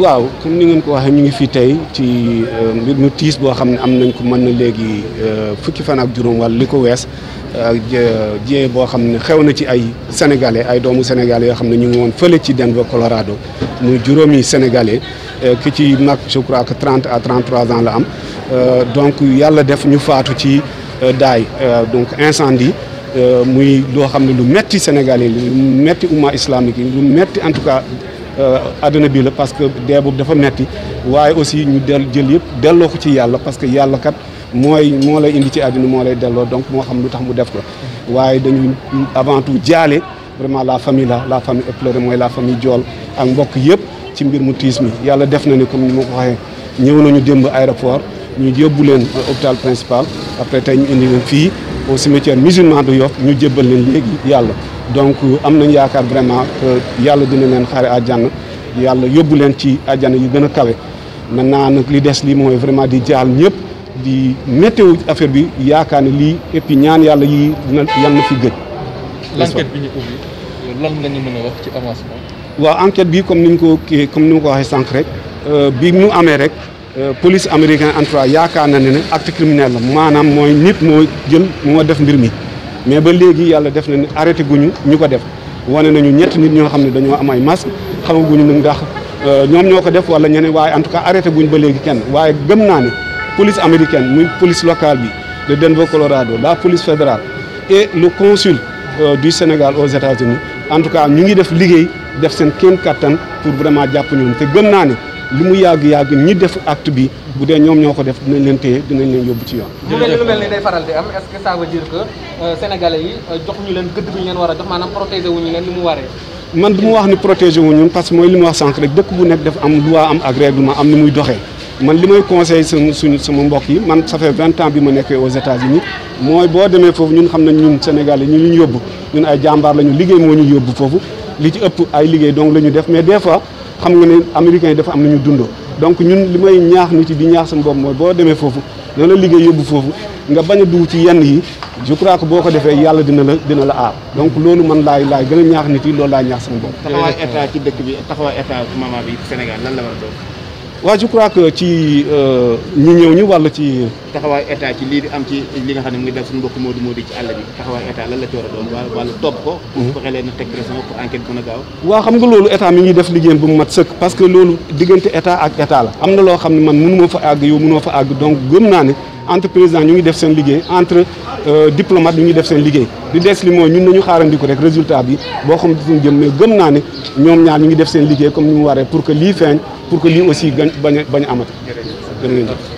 waaw comme ni ngeen ko waxee ñu ngi fi tey ci euh, mbir mu tiis boo xam ne am nañ ko mën na léegi euh, fukki fan ak juróom wala li ko wees jiyee euh, boo xam ne xew na ci ay sénégalais ay doomu sénégalais yoo xam ne ñu ngi woon fële ci Denver Colorado muy juróomi sénégalais ki ci mag je crois que trente à trente trois ans la am donc yàlla def ñu faatu ci daay donc incendie muy loo xam ne lu metti sénégalais lu metti umma islamique yi lu metti en tout cas. àdduna euh, bi la parce que dee boobu dafa metti waaye aussi ñu del jël yëpp delloo ko ci yàlla parce que yàlla kat mooy moo lay indi ci àdduna moo lay delloo donc moo xam lu tax mu def la waaye dañuy avant tout jaale vraiment la famille la la famille éplorée mooy la fami Jool ak mbokk yëpp ci mbir mu tiis mi yàlla def na ni comme ni ma ko waxee ñëw nañu démb aéroport ñu yóbbu leen hôpital principal après tey ñu indi leen fii au cimetière musulman du Yoff ñu jébbal leen léegi yàlla donc euh, am nañ yaakaar vraiment que yàlla dina leen xaare àjjana yàlla yóbbu leen ci àjjana yu gën a kawe maintenant nag li des li mooy vraiment di jaal ñëpp di météo affaire bi yaakaar na lii et puis ñaan yàlla yi dina yal na fi gëj. l'enquête bi ñu ubbi lan ñu mën wax ci avancement. waaw enquête bi comme ni ñu ko kii comme ni ma ko waxee sànq rek euh, bi mu amee rek euh, police américaine en tout yaakaar na ne ne acte criminel la maanaam mooy nit moo jël moo def mbir mi. mais ba léegi yàlla def na ne arrêté guñu ñu ko def wane nañu ñett nit ñoo xam ne dañoo am ay masque xamaguñu nu dax euh, ñoom ñoo ko def wala ñeneen waaye en tout cas arrêté guñ ba léegi kenn waaye gëm naa ne police américaine muy police locale bi de Denver Colorado la police fédérale et le consul euh, du Sénégal aux États-Unis en tout cas ñu ngi def liggéey def seen kéem kattan pour vraiment jàpp ñoom te gëm naa ne li mu yàgg yàgg ñi def acte bi bu dee ñoom ñoo ko def dinañ leen téye dinañ leen yóbbu ci yoon. mu mel ni lu mel ni euh, yi euh, jox ñu leen gëdd bi ñu leen war a jox maanaam protéger wu ñu leen li mu waree. man du mu wax ni protéger wu ñun parce que mooy li mu wax sànq rek dëkk bu nekk def am loi am ak règlement am ni muy doxee. man li may conseil sama suñu mu mbokk yi man ça fait vingt ans bi ma nekkee aux États-Unis mooy boo demee foofu ñun xam nañ ñun Sénégal yi ñu ñu yóbbu ñun ay jàmbaar la ñu liggéey ñu yóbbu foofu li ci ëpp ay liggéey donc la ñu def mais des fois xam nga ne américain yi dafa am na ñu dundoo donc ñun li may ñaax nit yi di ñaax suñu bopp mooy boo demee foofu dana la liggéey yóbbu foofu nga bañ a dugg ci yenn yi je crois boo ko defee yàlla dina la dina la aar donc loolu man laay laay gën a ñaax nit yi loolu laay ñaax sama bopp. taxawaay état ci dëkk bi taxawaay état moment Sénégal lan la war a waaw je crois que ci euh, ñu ñëw ñu wàll ci. taxawaayu état ci lii di am ci li nga xam ne mu ngi dal suñu mbokk Modou Modou ci àll bi taxawaayu état lan la ci war a doon wàllu ko. Mhm. loolu état mi def liggéeyam bu mu mat sëkk parce que loolu diggante état ak état la am na loo xam ne man mënu ma fa àgg yow mënoo fa àgg donc gëm naa ne entre président ñu ngi def seen liggéey entre euh, diplomate ñu ngi def seen liggéey li des li mooy ñun nañu xaarandiku rek résultat bi boo xam ne jëm mais gëm naa ne ñoom ñaar ñu ngi def seen liggéey comme ni mu waree pour que lii feeñ pour que lii aussi bañ a bañ a amati. jërëjëf